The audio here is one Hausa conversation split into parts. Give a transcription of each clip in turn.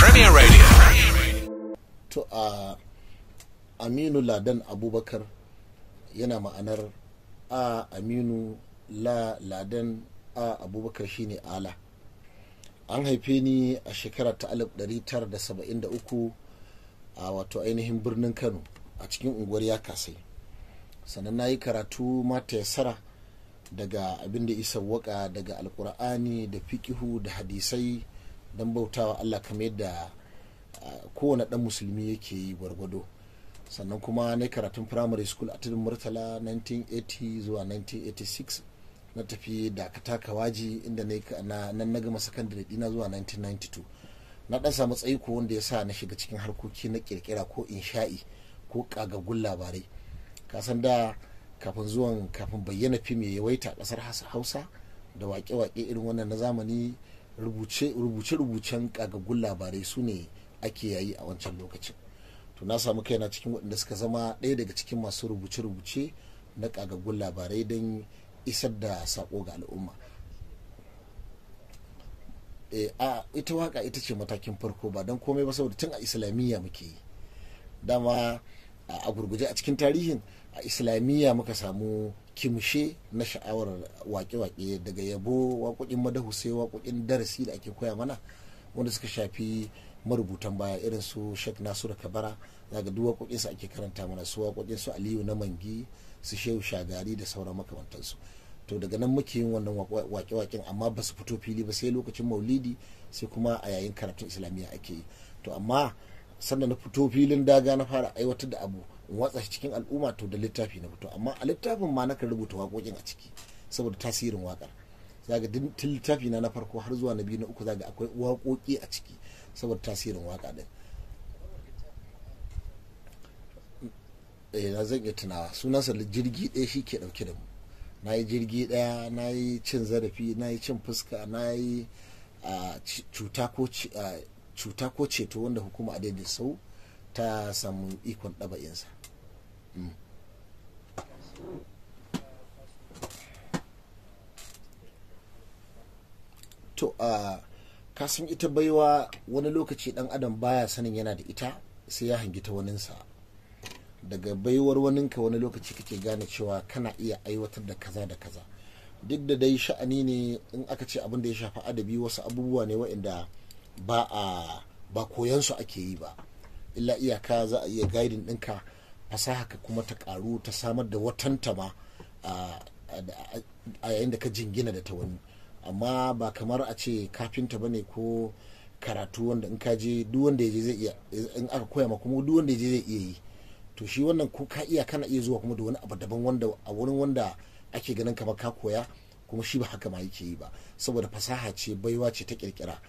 Premier Radio. To a uh, Aminu Ladan Abubakar yana ma'anar a Aminu La Ladan a Abubakar shine ala. An haife ni a shekara ta 1973 a wato ainihin birnin Kano a cikin unguwar Yakasai. Sannan na yi karatu mata yasara daga abin da isa waka daga alkur'ani da fikihu da hadisai don bautawa Allah kama yadda ah, kowane ɗan musulmi yake yi gwargwado sannan kuma na karatun primary school a tudun murtala 1980 zuwa 1986 na tafi dakata kawaji inda nan na gama sakandare dina zuwa 1992 na dan samu ko wanda ya sa na shiga cikin harkoki na kirkira ko insha'i ko ƙagagun labarai kasan da kafin zuwan kafin bayyana fim ya yawaita ƙasar hausa da waƙe-waƙe irin wannan na zamani rubuce-rubucen kagagun labarai su ne ake yayi a wancan lokacin to na samu kaina cikin waɗanda suka zama ɗaya daga cikin masu rubuce-rubuce na kagagun labarai don isar da sako ga al'umma eh, a ita waka ita ce matakin farko ba don komai ba saboda tun a islamiyya muke yi dama a gurguje a cikin tarihin a islamiyya muka samu kimshe na sha'awar wake-wake daga yabo waƙoƙin madahu sai waƙoƙin darasi da ake koya mana wanda suka shafi marubutan baya irin su sheikh nasiru kabara zaga duk waƙoƙin su ake karanta mana su wakokin su aliyu na mangi su shehu shagari da sauran makamantansu to daga nan muke yin wannan wake waƙen amma ba su fito fili ba sai lokacin maulidi sai kuma a yayin karatun islamiyya ake yi to amma sannan na fito filin daga na fara aiwatar da abu in watsa shi cikin al'umma to da littafi na fito amma a littafin ma nakan rubuta waƙoƙin a ciki saboda tasirin waƙar zaga din littafi na na farko har zuwa na biyu na uku zaga akwai waƙoƙi a ciki saboda tasirin waƙa din eh, na zan iya tunawa sunansa jirgi ɗaya shi ke ɗauke da mu na yi jirgi ɗaya na yi cin zarafi na yi cin fuska na yi cuta ko ceto wanda hukuma a daidai sau ta samu ikon ɗaba'insa to a kasan ita baiwa wani lokaci dan adam baya sanin yana da ita sai ya hangi ta waninsa daga baiwar waninka wani lokaci kake gane cewa kana iya aiwatar da kaza da kaza duk da dai sha'ani ne in aka ce abin da ya shafi adabi wasu abubuwa ne waɗanda ba a ba koyansu ake yi ba illa iyaka za a iya gaidin ɗinka fasaha ka kuma ta karu ta samar da watanta ma a yayin da ka jingina da ta wani amma ba kamar a ce kafinta bane ko karatu wanda in ka je duk wanda ya je zai iya in aka koya ma kuma duk wanda ya je zai iya yi to shi wannan ko ka iya kana iya zuwa kuma da wani abu daban wanda a wurin wanda ake ganin kamar ka koya kuma shi ba haka ma yake yi ba saboda fasaha ce baiwa ce ta kirkira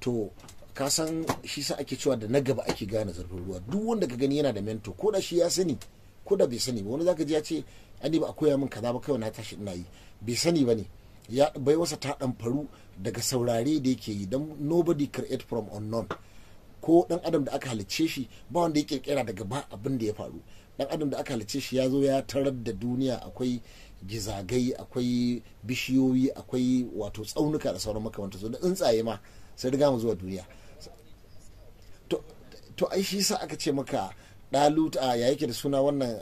to kasan san shi sa ake cewa da na gaba ake gane zurfin ruwa duk wanda ka gani yana da mento ko da shi ya sani ko da bai sani ba wani zaka ji ya ce ani ba a koya min kaza ba wani na tashi ina yi bai sani ba ne ya bai wasa ta dan faru daga saurare da yake yi dan nobody create from unknown ko dan adam da aka halicce shi ba wanda ya kirkira daga ba abin da ya faru dan adam da aka halicce shi ya zo ya tarar da duniya akwai gizagai akwai bishiyoyi akwai wato tsaunuka da sauran makamanta so da tsuntsaye ma sai riga mu zuwa duniya to ai shi sa aka ce maka dalut a ya yake da suna wannan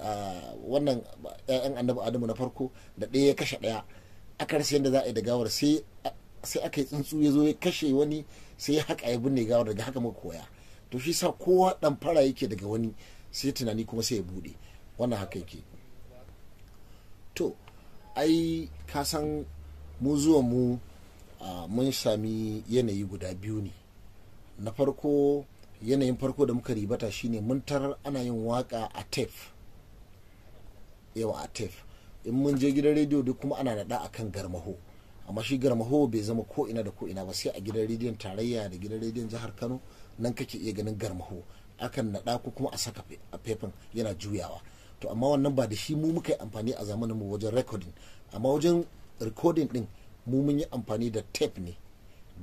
wannan ƴaƴan annabi adamu na farko da ɗaya ya kashe ɗaya aka rasa yadda za a yi da gawar sai sai aka yi tsuntsu ya zo ya kashe wani sai ya haƙa ya binne gawar daga haka muka koya to shi sa kowa ɗan fara yake daga wani sai tunani kuma sai ya buɗe wannan haka yake to ai ka san mu zuwa mu mun sami yanayi guda biyu ne na farko yanayin farko da muka ribata shine mun tarar ana yin waka a tef yawa a tef in mun je gidan rediyo duk kuma ana naɗa akan garmaho amma shi garmaho bai zama ko'ina da ko'ina ba sai a gidan rediyon tarayya da gidan rediyon jihar kano nan kake iya ganin garmaho akan naɗa ko kuma a saka a faifin yana juyawa to amma wannan ba da shi mu muka yi amfani a zamanin mu wajen recording amma wajen recording din mu mun yi amfani da tape ne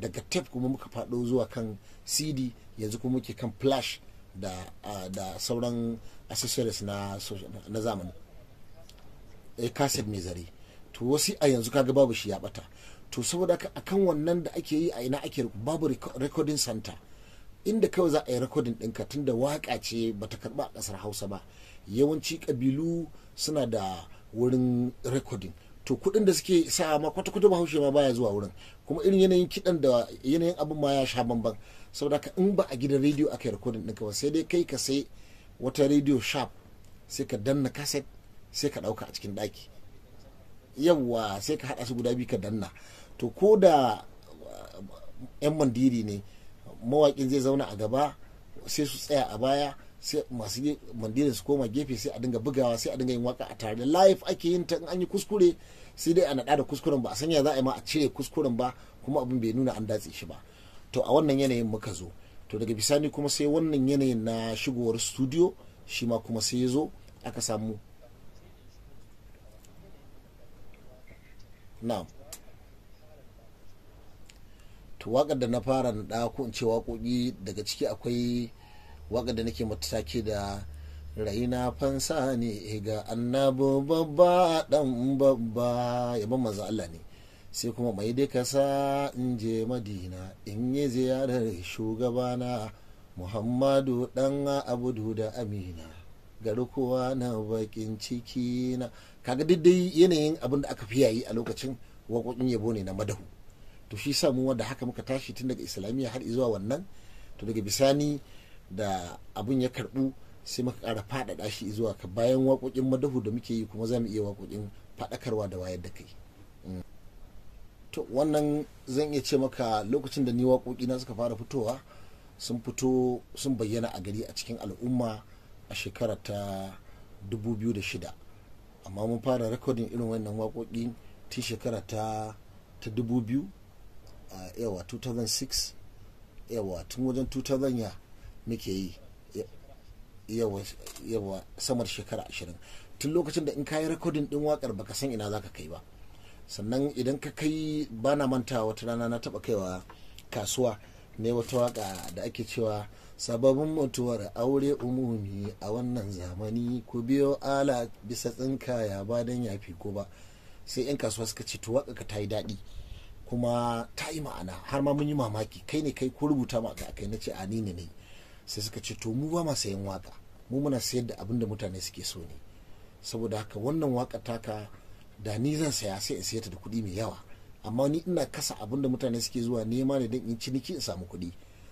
daga tape kuma muka faɗo zuwa kan cd yanzu kuma muke kan flash da, uh, da sauran accessories na, na zamani e eh, kaset mai zare to wasu a yanzu kaga babu shi ya bata to saboda a kan wannan da ake yi a ina ake babu recording center inda kawai za a yi recording ɗinka tunda waka ce ba ta karba a ƙasar hausa ba yawanci ƙabilu suna da wurin recording to kuɗin da suke sa ma kwata kwata bahaushe ma baya zuwa wurin kuma irin yanayin kiɗan da yanayin abin ma ya sha bamban saboda ka in ba a gidan rediyo aka yi rikodin ɗinka ba sai dai kai ka sai wata rediyo sharp sai ka danna kaset sai ka ɗauka a cikin ɗaki yawwa sai ka haɗa su guda biyu ka danna to ko da eh, 'yan mandiri ne mawaƙin zai zauna a gaba sai su tsaya a baya sai masu mandiri su koma gefe sai a dinga bugawa sai a dinga yin waka a tare da live ake yin ta in an yi kuskure sai dai a naɗa da kuskuren ba a sanya za a yi ma a cire kuskuren ba kuma abin bai nuna an datse shi ba to a wannan yanayin muka zo to daga bisani kuma sai wannan yanayin na shigowar studio shi ma kuma sai ya zo aka samu na to waƙar da na fara naɗa ko in ce waƙoƙi daga ciki akwai waƙar da nake mataki da raina fansa ne eh, ga annabu babba dan babba yaban manzo Allah ne sai kuma mai dai kasa in je madina in yi ziyarar shugabana muhammadu dan abudu da amina garkuwa na bakin ciki na kaga daidai yanayin abin da aka fi yayi a lokacin waƙoƙin yabo ne na madahu to shi sa wanda haka muka tashi tun daga islamiyya har zuwa wannan to daga bisani da abun ya karbu sai muka ƙara faɗaɗa shi zuwa ka bayan waƙoƙin madahu da muke yi kuma za mu iya waƙoƙin faɗakarwa da wayar da kai mm. to wannan zan iya ce maka lokacin da ni waƙoƙi na suka fara fitowa sun fito sun bayyana a gari a cikin al'umma a shekara ta 2006 amma mun fara rikodin irin wannan waƙoƙi tun shekara ta ta 2000 yawa 2006 yawa tun wajen 2000 ya muke yi yawa samar shekara ashirin tun lokacin da in kayi rikodin din wakar baka san ina za ka kai ba sannan idan ka kai ba na manta wata rana na taba kaiwa kasuwa ne wata waka da ake cewa sababin mutuwar aure umumi a wannan zamani ku biyo ala bisa tsinka ya ba don ya fi ko ba sai 'yan kasuwa suka ce to waka ta yi daɗi kuma ta yi ma'ana har ma mun yi mamaki kai ne kai ko rubuta ma kai na ce a ni ne sai suka ce to mu ba ma sayan waka mu muna sayar da abin da mutane suke so ne saboda haka wannan waka taka da ni zan saya sai in sayar ta da kuɗi mai yawa amma ni ina kasa abin da mutane suke zuwa nema ne don in ciniki in samu kuɗi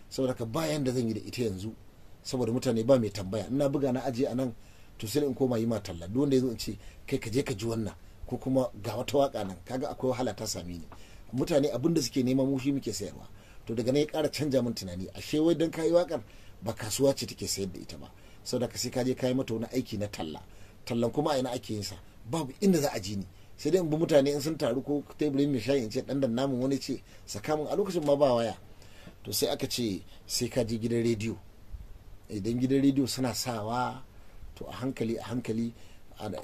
saboda haka bayan da zan yi da ita yanzu saboda mutane ba mai tambaya ina buga na ajiye a nan to sai in koma yi ma talla duk wanda ya zo in ce kai ka je ka ji wannan ko kuma ga wata waka nan kaga akwai wahala ta sami ni mutane abin da suke nema mu shi muke sayarwa to daga nan ya kara canja min tunani ashe wai dan yi wakar ba kasuwa ce take sayar da ita ba sau da sai ka je kayi mata wani aiki na talla tallan kuma a ina ake yin sa babu inda za a ji ni sai dai in bi mutane in sun taru ko teburin mai shayi in ce dan dan namun wani ce saka a lokacin ma ba waya to sai aka ce sai ka je gidan rediyo idan gidan rediyo suna sawa to a hankali a hankali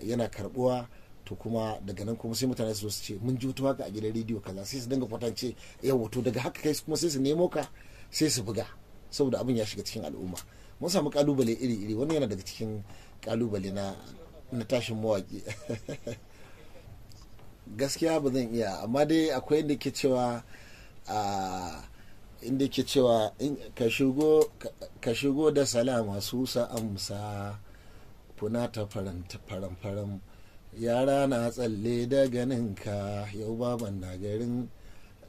yana karbuwa to kuma daga nan kuma sai mutane su su ce mun ji wata waka a gidan rediyo kaza sai su dinga kwatance yau to daga haka kai kuma sai su nemo ka sai su buga saboda abin ya shiga cikin al'umma mun samu kalubale iri-iri wani yana daga cikin kalubale na na tashin mawaki gaskiya ba zan iya amma dai akwai inda ke cewa a inda ke cewa ka shigo da salama su amsa kuna ta faran faran yara na tsalle da ka yau baban na garin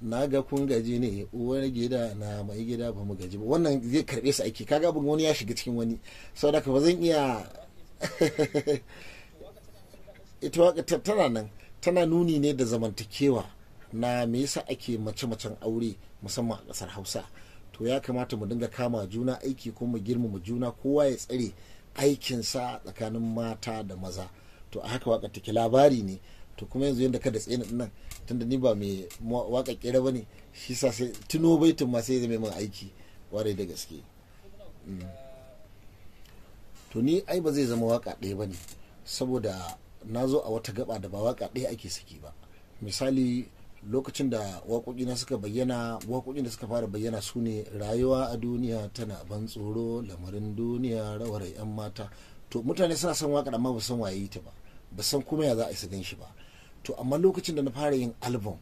na ga kun gaji ne uwar gida na mai gida ba mu gaji ba wannan zai karbe su aiki kaga abin wani ya shiga cikin wani saboda ba zan iya ita waka tana nan tana nuni ne da zamantakewa na me yasa ake mace-macen aure musamman a ƙasar hausa to ya kamata mu dinga kama juna aiki ko mu girmama juna kowa ya tsare aikinsa tsakanin mata da maza to a haka waka take labari ne to kuma yanzu yadda ka da tsaye nan da ni ba mai waka kera ne shi sa sai tuno baitin ma sai zama min aiki ware da gaske mm. to ni ai ba zai zama waka ɗaya ne saboda na zo a wata gaba da ba waka ɗaya ake saki ba misali lokacin da na suka bayyana waƙoƙin da suka fara bayyana su ne rayuwa a duniya tana ban tsoro lamarin duniya rawar 'yan mata to mutane suna son waƙa amma ba san waye ta ba ba san kuma ya za a isa gan shi ba to amma lokacin da na fara yin album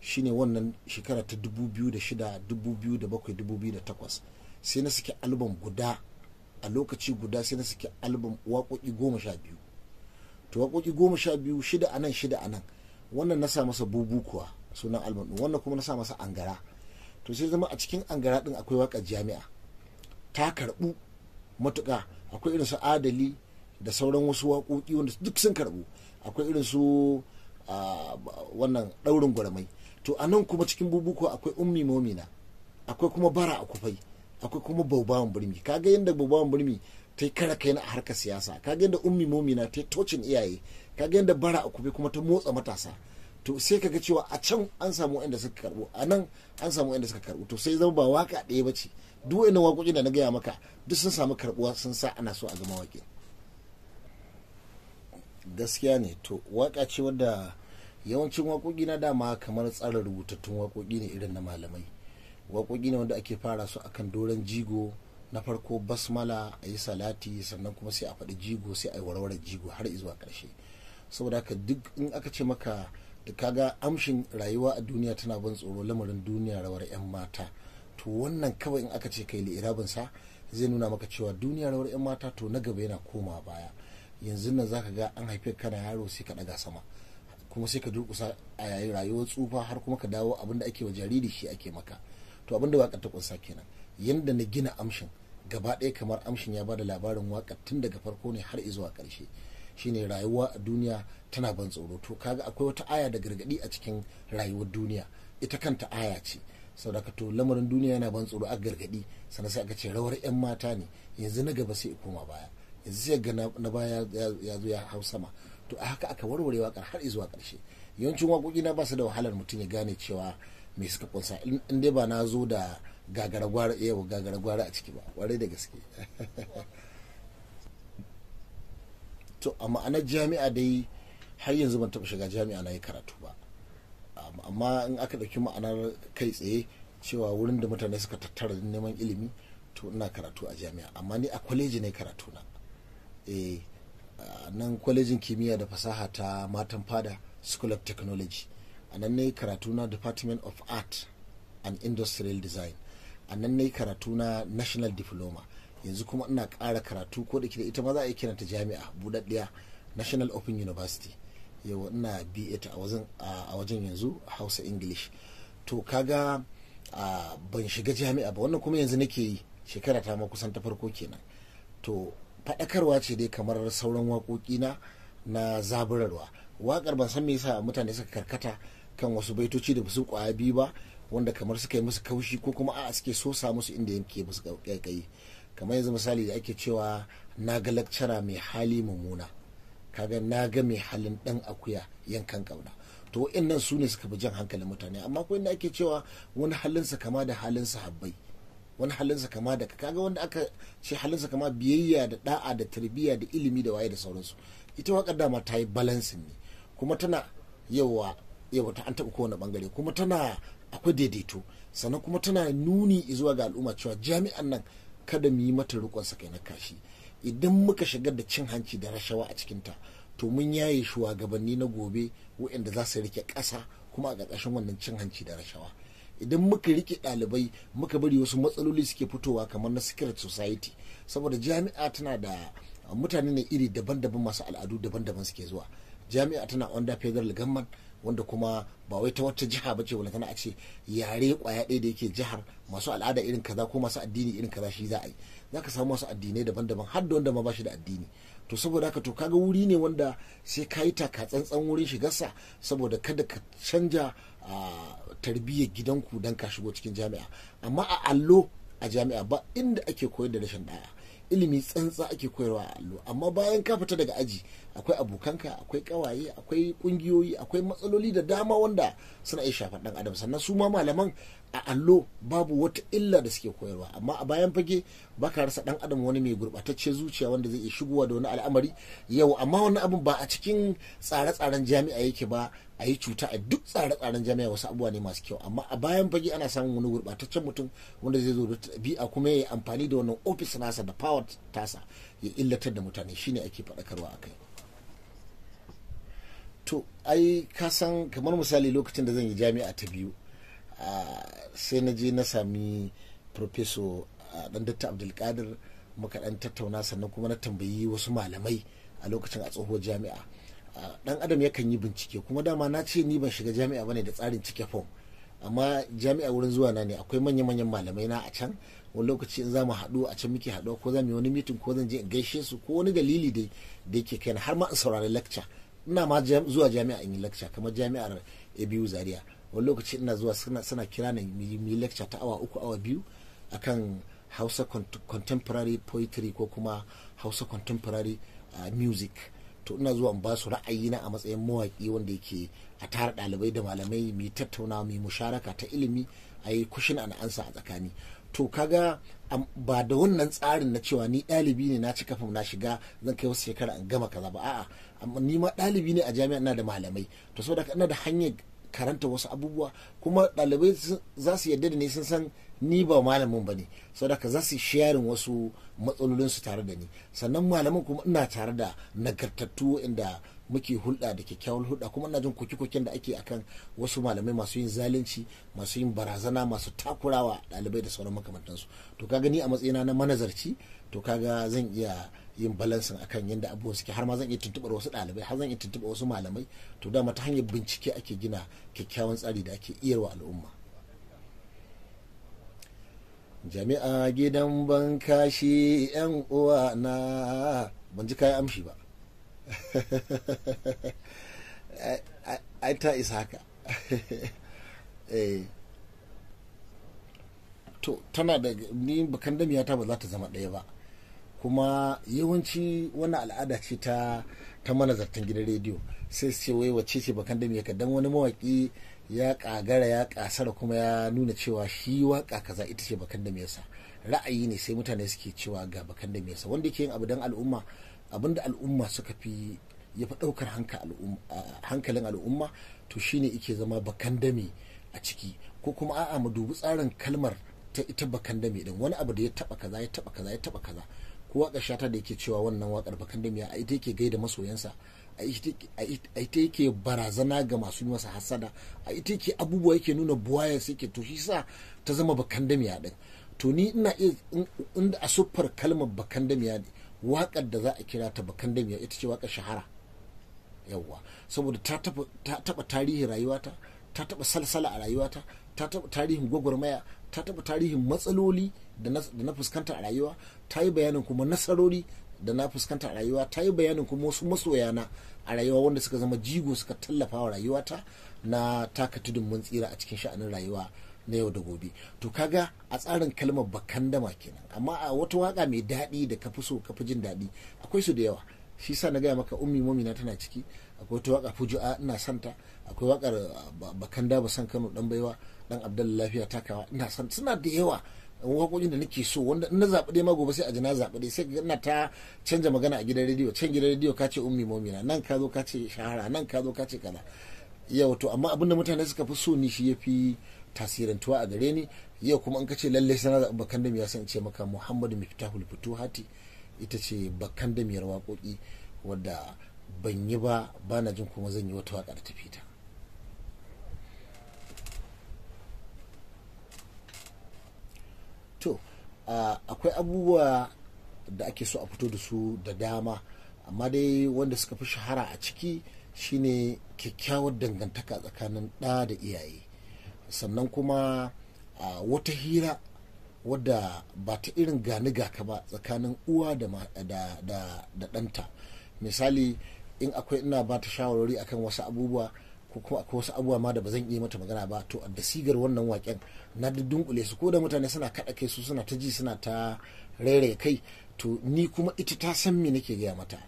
shine wannan shekara ta 2006 2007 2008 sai na saki album guda a lokaci guda sai na saki album waƙoƙi goma sha biyu to waƙoƙi goma sha biyu shida anan shida anan wannan na sa masa bubu kuwa sunan album ɗin wannan kuma na sa masa angara to sai zama a cikin angara ɗin akwai waƙa jami'a ta karɓu matuƙa akwai irin su adali da sauran wasu waƙoƙi wanda duk sun karɓu akwai irin su wannan ɗaurin gwaramai to a nan kuma cikin bubuko akwai ummi momina akwai kuma bara a kufai akwai kuma baubawan birni kaga yadda baubawan birni ta yi kara kai na a harkar siyasa kaga yadda ummi momina ta yi tocin iyaye kaga yadda bara a kufai kuma ta motsa matasa to sai kaga cewa a can an samu inda suka karbu a nan an samu inda suka karbu to sai zama ba waka ɗaya ba ce duk wani waƙoƙi da na gaya maka duk sun samu karbuwa sun sa ana so a zama waƙe. gaskiya ne to waka ce wadda yawancin waƙoƙi na dama kamar tsara rubutattun waƙoƙi ne irin na malamai waƙoƙi ne wanda ake fara su akan doron jigo na farko basmala a yi salati sannan kuma sai a faɗi jigo sai a yi warware jigo har izuwa ƙarshe saboda haka duk in aka ce maka da ga amshin rayuwa a duniya tana ban tsoro lamarin duniya rawar 'yan mata to wannan kawai in aka ce kai sa zai nuna maka cewa duniya rawar 'yan mata to na gaba yana koma baya yanzu nan zaka ga an haife kana yaro sai ka daga sama kuma sai ka durkusa a yayin rayuwar tsufa har kuma ka dawo abin da ake wa jariri shi ake maka to abin da wakar ta kunsa kenan yanda na gina amshin gaba ɗaya kamar amshin ya bada labarin wakar tun daga farko ne har zuwa ƙarshe shine rayuwa a duniya tana ban tsoro to kaga akwai wata aya da gargadi a cikin rayuwar duniya ita kanta aya ce saboda to lamarin duniya yana ban tsoro a gargadi sannan sai aka ce rawar 'yan mata ne yanzu na gaba sai koma baya yanzu sai ga na baya ya zo ya hau sama to a haka aka warware wakar har zuwa karshe yawancin waƙoƙi na ba da wahalar mutum ya gane cewa mai suka kunsa in dai ba na zo da gagara gwara yau eh, gagara a ciki ba ware da gaske to a ma'anar jami'a dai har yanzu ban taɓa shiga jami'a na yi karatu ba amma in aka ɗauki ma'anar kai tsaye cewa wurin da mutane suka tattara neman ilimi to ina karatu a jami'a amma ni a kwaleji ne karatu na eh nan kwalejin kimiyya da fasaha ta matan fada school of technology a nan ne karatu na department of art and industrial design a nan ne karatu na national diploma yanzu kuma ina kara karatu ko da ita ma za a yi kiranta jami'a buɗaɗɗiya national open university yau ina ba ta a wajen yanzu hausa english to kaga ban shiga jami'a ba wannan kuma yanzu nake yi shekara ta ma kusan ta farko kenan to faɗakarwa ce dai kamar sauran waƙoƙi na na zaburarwa waƙar ban san me yasa mutane suka karkata kan wasu baitoci da su kwaya biyu ba wanda kamar suka yi musu kaushi ko kuma a'a suke sosa musu inda yake musu kai kamar yanzu misali da ake cewa na ga lakcara mai hali mummuna kaga na ga mai halin dan akuya yankan kauna to nan su ne suka fi jan hankalin mutane amma ko inda ake cewa wani halinsa kama da halin sahabbai wani halinsa kama da kaga wanda aka ce halinsa kama biyayya da da'a da tarbiyya da ilimi da waye da sauransu ita waƙar dama ta yi balansin ne kuma tana yawa yawa ta an taɓa kowane bangare kuma tana akwai daidaito sannan kuma tana nuni zuwa ga al'umma cewa jami'an nan kada mu yi mata rikon sakai na kashi idan muka shigar da cin hanci da rashawa a cikinta to mun yaye shuwagabanni na gobe waɗanda za su rike ƙasa kuma a ƙarƙashin wannan cin hanci da rashawa idan muka rike ɗalibai muka bari wasu matsaloli suke fitowa kamar na secret society saboda jami'a tana da mutane ne iri daban-daban masu al'adu daban-daban suke zuwa jami'a tana wanda federal government wanda kuma ba wai ta wata jiha ba ce walantana a ce yare kwaya ɗaya da yake jihar masu al'ada irin kaza ko masu addini irin kaza shi za a yi za ka samu masu addinai daban-daban har da wanda ma ba shi da addini to saboda haka to kaga wuri ne wanda sai ka yi taka tsantsan wurin shigarsa saboda kada ka canja tarbiyyar gidanku don ka shigo cikin jami'a amma a allo a jami'a ba inda ake koyar da rashin da'a ilimi tsantsa ake koyarwa a allo amma bayan ka fita daga aji akwai abokanka akwai kawaye akwai kungiyoyi akwai matsaloli da dama wanda suna iya shafa dan adam sannan su ma malaman a allo babu wata illa da suke koyarwa amma a bayan fage baka rasa dan adam wani mai gurbatacce zuciya wanda zai iya shigowa da wani al'amari yau amma wani abin ba a cikin tsare-tsaren jami'a yake ba a yi cuta a duk tsare-tsaren jami'a wasu abubuwa ne masu kyau amma a bayan fage ana samun wani gurbataccen mutum wanda zai zo da ɗabi'a kuma ya yi amfani da wannan ofis nasa da power tasa ya illatar da mutane shine ake faɗakarwa a kai to ai ka san kamar misali lokacin da zan yi jami'a ta biyu sai na je na sami profeso dan datta abdulkadir muka dan tattauna sannan kuma na tambayi wasu malamai a lokacin a tsohuwar jami'a dan adam yakan yi bincike kuma dama na ce ni ban shiga jami'a bane da tsarin cike fom amma jami'a wurin zuwa na ne akwai manya-manyan malamai na a can wani lokaci in za mu haɗu a can muke haɗuwa ko za mu yi wani mitin ko zan je in gaishe su ko wani dalili da yake kai har ma in saurari lecture ina ma zuwa jami'a in yi lecture kamar jami'ar abu zaria wani lokaci ina zuwa suna kira na yi lecture ta awa uku awa biyu akan hausa contemporary poetry ko kuma hausa contemporary ah, music to ina zuwa ba su na a matsayin mawaƙi wanda yake a tara ɗalibai da malamai mai tattauna mai musharaka ta ilimi a yi kushin an ansa a tsakani to kaga ba da wannan tsarin na cewa ni ɗalibi ne na ci kafin na shiga zan kai wasu shekara in gama kaza ba a'a amma ni ma ɗalibi ne a jami'a ina da malamai to saboda ina da hanyar karanta wasu abubuwa kuma ɗalibai za su yarda da ni sun san ni ba malamin ba ne saboda za su sharing wasu matsalolinsu tare da ni sannan malamin kuma ina tare da nagartattu inda muke hulɗa da kyakkyawar hulɗa kuma na jin koke-koken da ake akan wasu malamai masu yin zalunci masu yin barazana masu takurawa ɗalibai da sauran makamantansu to kaga ni a matsayina na manazarci to kaga zan iya yin balansin akan yadda abubuwan suke har ma zan iya tuntuɓar wasu ɗalibai har zan iya tuntuɓar wasu malamai to dama ta hanyar bincike ake gina kyakkyawan tsari da ake iyarwa al'umma jami'a gidan kashi 'yan uwa na ban ji kayan amshi ba ai ta isa haka eh. to tana da ni bakan damiyata ba za ta zama ɗaya ba kuma yawanci wani al'ada ce ta ta manazartan gidan rediyo sai su ce wai wace ce bakan damiyaka dan wani mawaki ya ƙagara ya kasara kuma ya nuna cewa shi waƙa kaza ita ce bakan damiyarsa ra'ayi ne sai mutane suke cewa ga bakan damiyarsa wanda yake yin abu dan al'umma abinda al'umma suka fi ya fi ɗaukar hankalin al'umma to shine ike zama bakan bakandami a ciki ko kuma a'a mu dubi tsarin kalmar ta ita bakandami din wani abu da ya taba kaza ya taba kaza ya taba kaza ko waka shata da yake cewa wannan wakar dame a ita yake gaida masoyansa a ita yake barazana ga masu masa hasada a ita yake abubuwa yake nuna buwaya yake to shi sa ta zama bakan bakandamiya din to ni ina iya inda a siffar kalmar a ne waƙar da za a kira ta bakan damiya ita ce wakar shahara yawwa saboda ta taɓa tarihin rayuwata ta taɓa salsala a rayuwata ta taɓa tarihin gwagwarmaya ta taɓa tarihin matsaloli da na fuskanta a rayuwa ta yi bayanin kuma nasarori da na fuskanta a rayuwa ta yi bayanin kuma wasu masoyana a rayuwa wanda suka zama jigo suka tallafa wa rayuwata na taka tudun mun tsira a cikin sha'anin rayuwa na yau da gobe to kaga a tsarin kalmar bakan dama kenan amma a wata waka mai daɗi da ka fi so ka fi jin daɗi akwai su da yawa shi sa na gaya maka ummi mamina tana ciki akwai wata waka fuju'a ina santa akwai wakar uh, bakan dama san kano dan baiwa dan abdullahi lafiya takawa ina san suna da yawa waƙoƙin da nake so wanda na zaɓi dai ma gobe sai a ji na zaɓi dai sai ina ta canja magana a gidan rediyo can gidan rediyo ka ce ummi momina nan ka zo ka ce shahara nan ka zo ka ce kaza yau to amma abinda mutane suka fi so ni shi ya fi tasirantuwa a gare ni yau kuma an kace lalle sanar da bakan da ya san ce maka muhammadu miftahul futuhati ita ce bakan da waƙoƙi wadda ban yi ba ba na jin kuma zan yi wata waƙa tafi ta to akwai abubuwa da ake so a fito da su da dama amma dai wanda suka fi shahara a ciki shine kyakkyawar dangantaka tsakanin ɗa da iyaye sannan kuma a wata hira wadda ba ta irin gani gaka ba tsakanin uwa da ɗanta misali in akwai ina ba ta shawarwari akan wasu abubuwa ko kuma akwai wasu abubuwa ma da ba zan iya mata magana ba to da sigar wannan waken na da dunkule su ko da mutane suna kaɗa kai su suna ta ji suna ta rairaya kai to ni kuma ita ta san me nake gaya mata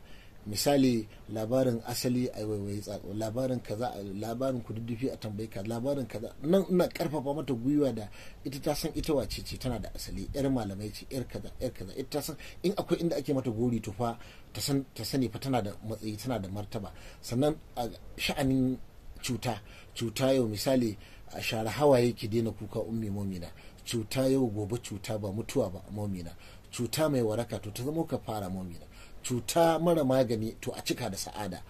misali labarin asali a waiwayi tsatsa labarin kaza labarin kududdufi a tambayi ka labarin kaza nan ina karfafa mata gwiwa da ita ta san ita wace ce tana da asali yar malamai ce yar kaza yar kaza ita ta san in akwai inda ake mata gori to fa ta san ta sani fa tana da matsayi tana da martaba sannan a sha'anin cuta cuta yau misali a share hawaye ki daina kuka ummi momina cuta yau gobe cuta ba mutuwa ba momina cuta mai waraka to ta zama ka fara momina cuta mara magani to a cika da sa'ada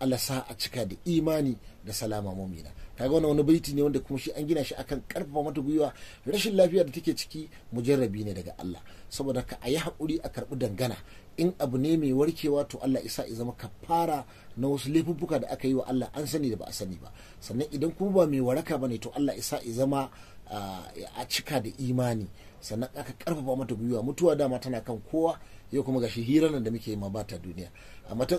Allah sa a cika da imani da salama mumina kaga wannan wani baiti ne wanda kuma shi an gina shi akan karfafa mata gwiwa rashin lafiya da take ciki mujarrabi ne daga Allah saboda ka a yi haƙuri a karɓi dangana in abu ne mai warkewa to Allah isa ya zama kafara na wasu laifuffuka da aka yi wa Allah an sani da ba a sani ba sannan idan kuma ba mai waraka bane to Allah isa ya zama ah, a cika da imani sannan aka karfafa mata gwiwa mutuwa dama tana kan kowa yau kuma gashi hira nan da muke yi ma ta duniya amma tun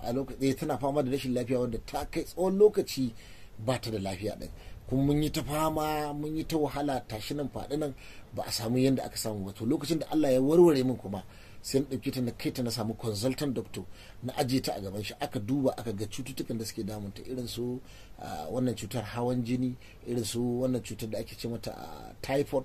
a lokaci eh, tana fama da rashin lafiya wanda ta kai tsawon lokaci ba ta da lafiya ɗin kuma mun yi ta fama mun yi ta wahala tashi nan faɗi nan ba a samu yadda aka samu ba to lokacin da Allah ya warware min kuma sai na ɗauki ta na kai ta na samu consultant doctor na aje ta a gaban shi aka duba aka ga cututtukan da suke damun ta irin su wannan cutar hawan jini irin su wannan cutar da ake ce mata typhoid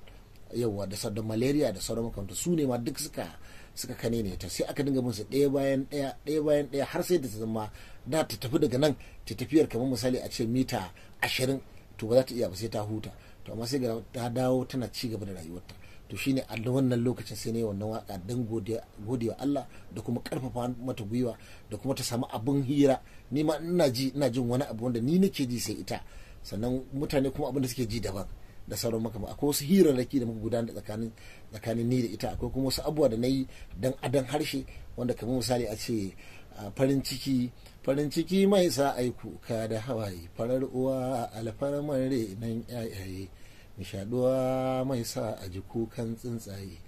yawa da malaria da sauran makamta su ne ma duk suka suka kane ne ta sai aka dinga musu ɗaya bayan ɗaya ɗaya bayan ɗaya har sai da ta zama da ta tafi daga nan ta tafiyar kamar misali a ce mita ashirin to ba za ta iya ba sai ta huta to amma sai ga ta dawo tana ci gaba da rayuwarta to shine a wannan lokacin sai ne wannan waka dan godewa Allah da kuma karfafa mata gwiwa da kuma ta samu abun hira ni ma ina ji ina jin wani abu wanda ni nake ji sai ita sannan mutane kuma abin da suke ji daban da sauran makama akwai wasu hirarraki da muka gudanar tsakanin tsakanin ni da ita akwai kuma wasu abubuwa da na yi dan adon harshe wanda kamar misali a ce farin ciki farin ciki mai sa aiku ka da hawaye farar uwa alfarmar nan yayaye nishaduwa mai sa a ji kukan tsuntsaye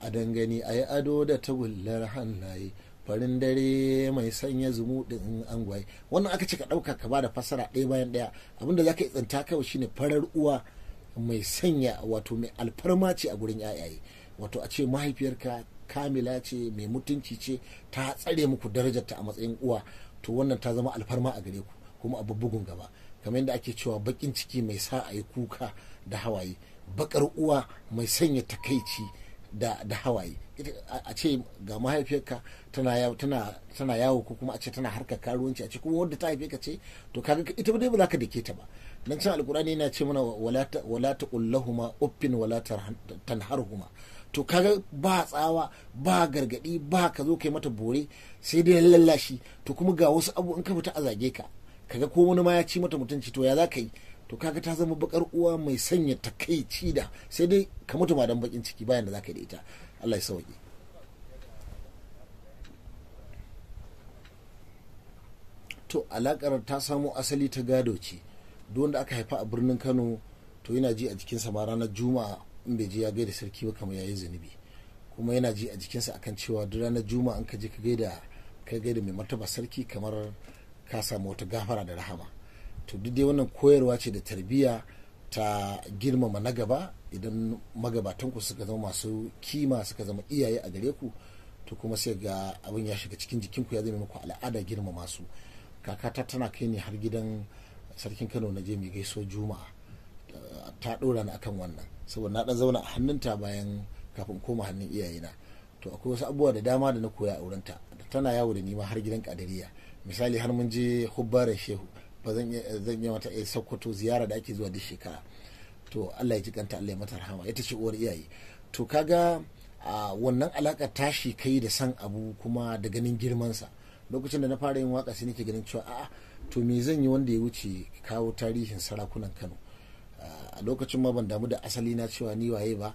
a dangane a yi ado da tagullar hannaye farin dare mai sanya zumuɗin angwaye wannan aka ce ka ɗauka ka ba da fassara ɗaya bayan ɗaya abinda za ka yi tsinta kawai shine farar uwa mai sanya wato mai alfarma ce a gurin yayaye wato a ce mahaifiyarka kamila ce mai mutunci ce ta tsare muku darajarta a matsayin uwa to wannan ta zama alfarma a gare ku kuma a bugun gaba kamar yadda ake cewa bakin ciki mai sa a yi kuka da hawaye bakar uwa mai sanya takaici da, hawaye a ce ga mahaifiyarka tana, tana, tana yawo ko kuma a ce tana harkar karuwanci a ce kuma wadda ta haife ka ce to kaga ita ba dai ba za ka dake ta ba na cin alkurani na ce mana wala ta kullahuma uffin wala tanharhuma to kaga ba tsawa ba gargadi ba ka zo kai mata bore sai dai lallashi to kuma ga wasu abu in ka fita a zage ka kaga ko wani ma ya ci mata mutunci to ya za ka yi to kaga ta zama bakar uwa mai sanya ta takaici da sai dai ka mutu ma dan bakin ciki bayan da za ka yi da ita Allah ya sauke to alakar ta samo asali ta gado ce duk wanda aka haifa a birnin kano to yana ji a jikinsa ma ranar juma'a in bai je ya gaida sarki ba kamar yayi zunubi kuma yana ji a jikinsa akan cewa duk ranar juma'a in ka je ka gaida ka gaida mai martaba sarki kamar ka samu wata gafara da rahama to duk dai wannan koyarwa ce da tarbiyya ta girmama na gaba idan magabatanku suka zama masu kima suka zama iyaye a gare ku to kuma sai ga abin ya shiga cikin jikinku ya zama muku al'ada girmama su kakata tana kai ne har gidan sarkin kano na je mai gaiso juma'a ta dora ni akan wannan saboda na dan zauna a hannunta bayan kafin koma hannun iyayena to akwai wasu abubuwa da dama da na koya a wurinta tana yawo da nima har gidan kadariya misali har mun je hubbarar shehu ba zan yi mata eh, sokoto ziyara da ake zuwa duk shekara to allah ya ji kanta allah ya mata rahama ita ce uwar iyaye to kaga a wannan alaka tashi kai da san abu kuma da ganin girmansa lokacin da na fara yin waka sai nake ganin cewa a'a to me zan yi wanda ya wuce kawo tarihin sarakunan kano a lokacin ma ban damu da asali na cewa ni waye ba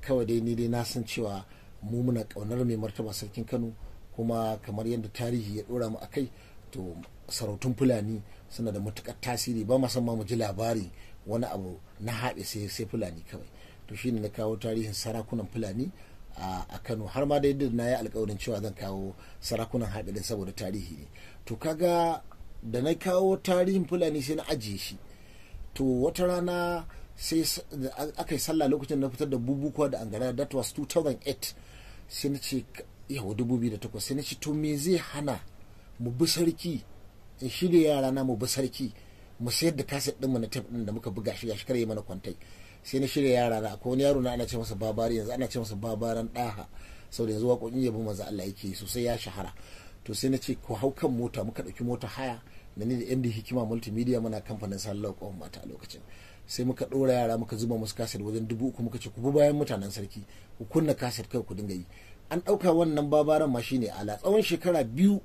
kawai dai ni dai na san cewa mu muna kaunar mai martaba sarkin kano kuma kamar yadda tarihi ya dora mu akai to sarautun fulani suna da matukar tasiri ba ma san ma mu ji labari wani abu na haɗe sai sai fulani kawai to shine na kawo tarihin sarakunan fulani a Kano har ma da yadda na yi alkawarin cewa zan kawo sarakunan haɗe saboda tarihi ne to kaga da na kawo tarihin fulani sai na ajiye shi to wata rana sai aka yi sallah lokacin na fitar da bubukuwa da angana that was 2008 sai na ce yawa 2008 sai na ce to me zai hana mu bi sarki in shirya yara na mu bi sarki mu sayar da kaset ɗinmu na tape ɗin da muka buga shi gashi kare mana kwantai sai na shirya yara na akwai wani yaro na ana ce masa babari yanzu ana ce masa babaran ɗaha saboda yanzu waƙoƙin yabo manzo Allah yake sosai ya shahara to sai na ce ko hau kan mota muka ɗauki mota haya da ni da inda hikima multimedia muna kamfanin sallar kwan mata a lokacin sai muka ɗora yara muka zuba musu kaset wajen dubu uku muka ce ku bi bayan mutanen sarki ku kunna kaset kai ku dinga yi an ɗauka wannan babaran ma shine ala tsawon shekara biyu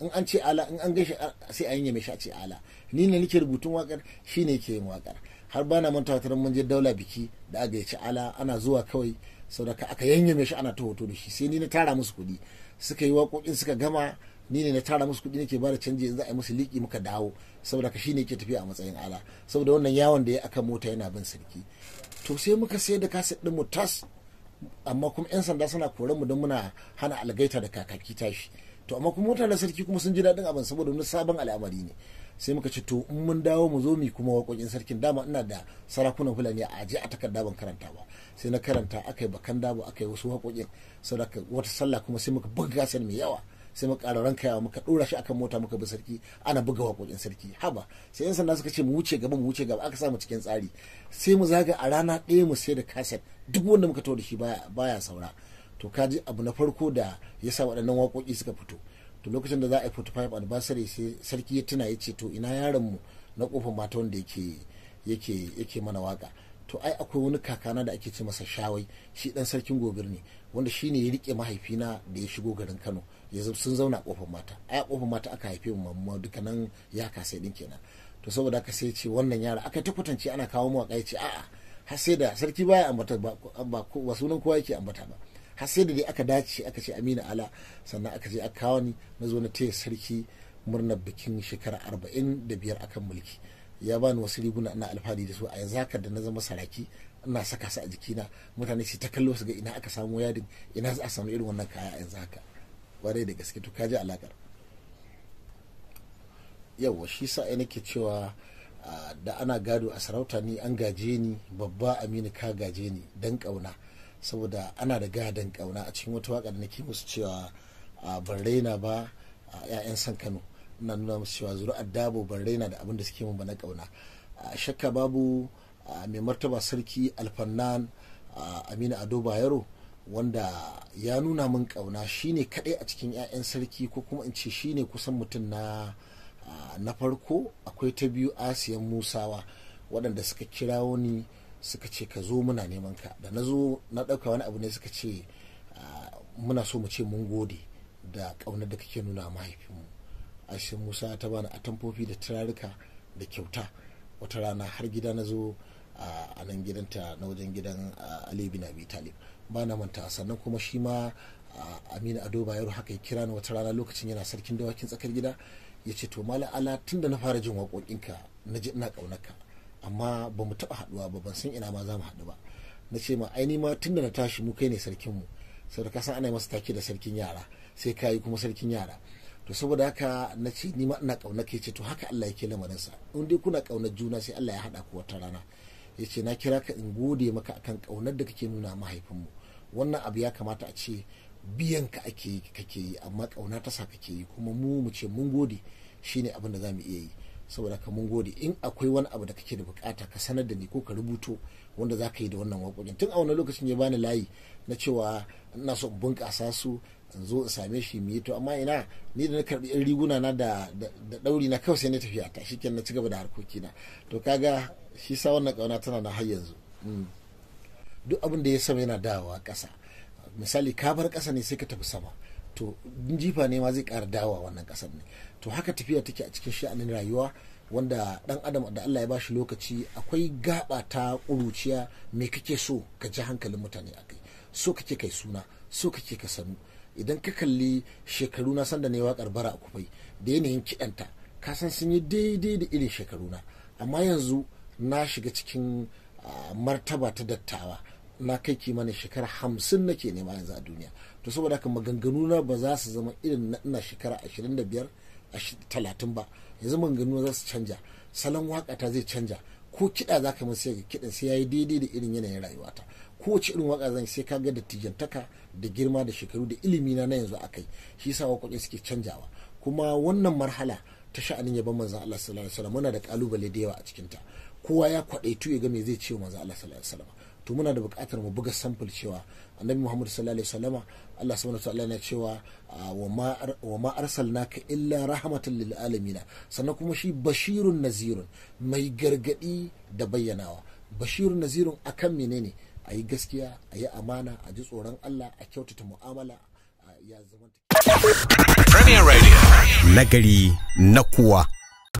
in an ce ala in an gaishe sai an yame shi a ce ala ni ne nake rubutun wakar shine ke yin wakar har bana mun tawatar mun je daula biki da a yi ala ana zuwa kawai saboda aka yanyame shi ana ta hoto da shi sai ni na tara musu kuɗi suka yi waƙoƙin suka gama ni ne na tara musu kuɗi nake bada canji za a yi musu liƙi muka dawo saboda ka shine ke tafiya a matsayin ala saboda wannan yawon da ya aka mota yana bin sarki to sai muka sayar da kaset ɗin mu tas amma kuma 'yan sanda suna koren mu don muna hana algaita da kakaki tashi to amma kuma mutanen sarki kuma sun ji daɗin abin saboda wani sabon al'amari ne sai muka ce to in mun dawo mu zo mu kuma waƙoƙin sarkin dama ina da sarakunan fulani a je a takarda ban karanta ba sai na karanta aka yi bakan dabo aka yi wasu waƙoƙin sadaka wata sallah kuma sai muka buga gasar mai yawa sai muka ƙara ranka yawa muka ɗora shi akan mota muka bi sarki ana buga waƙoƙin sarki haba sai yan sanda suka ce mu wuce gaba mu wuce gaba aka samu cikin tsari sai mu zaga a rana ɗaya mu sai da kaset duk wanda muka tawo da shi baya saura to kaji abu na farko da ya sa waɗannan waƙoƙi suka fito to lokacin da za a yi 45 anniversary sai sarki ya tuna ya ce to ina yaron mu na kofar mata wanda yake yake mana waka to ai akwai wani kakana da ake ce masa shawai shi dan sarkin gobir ne wanda shi ne ya rike mahaifina da ya shigo garin kano ya sun zauna kofar mata ai a kofar mata aka haife mu duka dukanan ya sai din kenan to saboda haka sai ce wannan yara aka ta kwatance ana kawo mu a ya ce a'a har sai da sarki baya ambata ba ba sunan kowa yake ambata ba har sai da dai aka dace aka ce amina ala sannan aka je aka kawo ni na zo na taya sarki murnar bikin shekara arba'in da biyar akan mulki ya bani wasu riguna ina alfahari da su a yanzu haka da na zama saraki ina saka su a jikina mutane su ta kallo su ga ina aka samu yadin ina za a samu irin wannan kaya a yanzu haka kwarai da gaske to ka ji alakar yawa shi sa ya nake cewa ah, da ana gado a sarauta ni an gaje ni babba aminu ka gaje ni dan ƙauna. saboda ana da gadan kauna a cikin wata waka da nake musu cewa ah, ban raina ba ya'yan ah, san kano ina nuna musu cewa zuru dabo ban raina da abin da suke mun bana na kauna ah, shakka babu mai martaba sarki alfannan aminu ado bayero wanda ya nuna min kauna shine kadai a cikin 'ya'yan sarki ko kuma in ce shine kusan mutum na na farko akwai ta biyu asiyan musawa waɗanda suka kirawo ni suka ce ka zo muna neman ka da na zo na ɗauka wani abu ne suka ce ah, muna so mu ce mun gode da ƙaunar da kake nuna mahaifinmu ashe musa ta bani atamfofi da turarika da kyauta wata rana har gida na zo a nan gidanta na wajen gidan ali bin abi talib ba na manta sannan kuma shi ma aminu ado bayero haka ya kira ni wata rana lokacin yana sarkin dawakin tsakar gida ya ce to mala ala tun da na fara jin waƙoƙinka na ji ina ƙaunarka amma ba mu taɓa haɗuwa ba ban san ina ma za mu haɗu ba na ce ma aini ma tun da na tashi mu kai ne sarkinmu saboda ka san ana masa take da sarkin yara sai ka yi kuma sarkin yara to saboda haka na ce ni ma ina ƙauna ke ce to haka Allah yake lamarinsa in dai kuna ƙaunar juna sai Allah ya haɗa ku wata rana ya ce na kira ka in gode maka akan ƙaunar da kake nuna mahaifinmu wannan abu ya kamata a ce biyan ka ake kake yi amma ƙauna ta sa kake yi kuma mu mu ce mun gode shine abin da za mu iya yi saboda ka mun gode in akwai wani abu da kake da bukata ka sanar da ni ko ka rubuto wanda za ka yi da wannan waƙoƙin tun a wani lokacin ya bani layi na cewa ina so in bunƙasa su in zo in same shi mu yi to amma ina ni da na karɓi yan riguna na da ɗauri na kawai sai na tafiya ta shi na ci gaba da harkokina to kaga shi sa wannan ƙauna tana na har yanzu mm. duk abin da ya sama yana dawowa ƙasa misali ka bar ƙasa ne sai ka tafi sama to jifa ne ma zai ƙara dawa wannan ƙasar ne to haka tafiya take a cikin sha'anin rayuwa wanda dan adam da Allah ya bashi lokaci akwai gaba ta ƙuruciya me kake so ka ji hankalin mutane a kai so kake kai suna so kake ka sanu idan ka kalli shekaru na sanda ne waƙar bara a kufai da yanayin kiɗanta ka san sun yi daidai da irin shekaru na amma yanzu na shiga cikin ah, martaba ta dattawa na kai kimanin shekara hamsin nake nema yanzu a duniya to saboda haka maganganu na ba za su zama irin na ina shekara ashirin da biyar talatin ba yanzu maganganu za su canja salon waka ta zai canja ko kiɗa za ka sai ga kiɗan sai ya yi daidai da irin yanayin rayuwata wace irin waka zan sai ka ga da tijantaka da girma da shekaru da ilimi na na yanzu kai. shi yasa waƙoƙi suke canjawa kuma wannan marhala ta sha'anin ban manzan Allah sallallahu alaihi wasallam muna da kalubale da yawa a cikin ta kowa ya kwaɗaitu ya ga me zai ce manzan Allah sallallahu alaihi wasallam to muna da bukatar mu buga sample cewa annabi muhammad sallallahu alaihi wasallama allah subhanahu wa ta'ala yana cewa ah, wa ma arsalnaka illa rahmatan lil alamin sannan kuma shi bashirun nazirun mai gargadi da bayyanawa bashirun nazirun akan menene a yi gaskiya a yi amana a ji tsoron allah a kyautata mu'amala ya zama Premier Radio. Nagari na kuwa.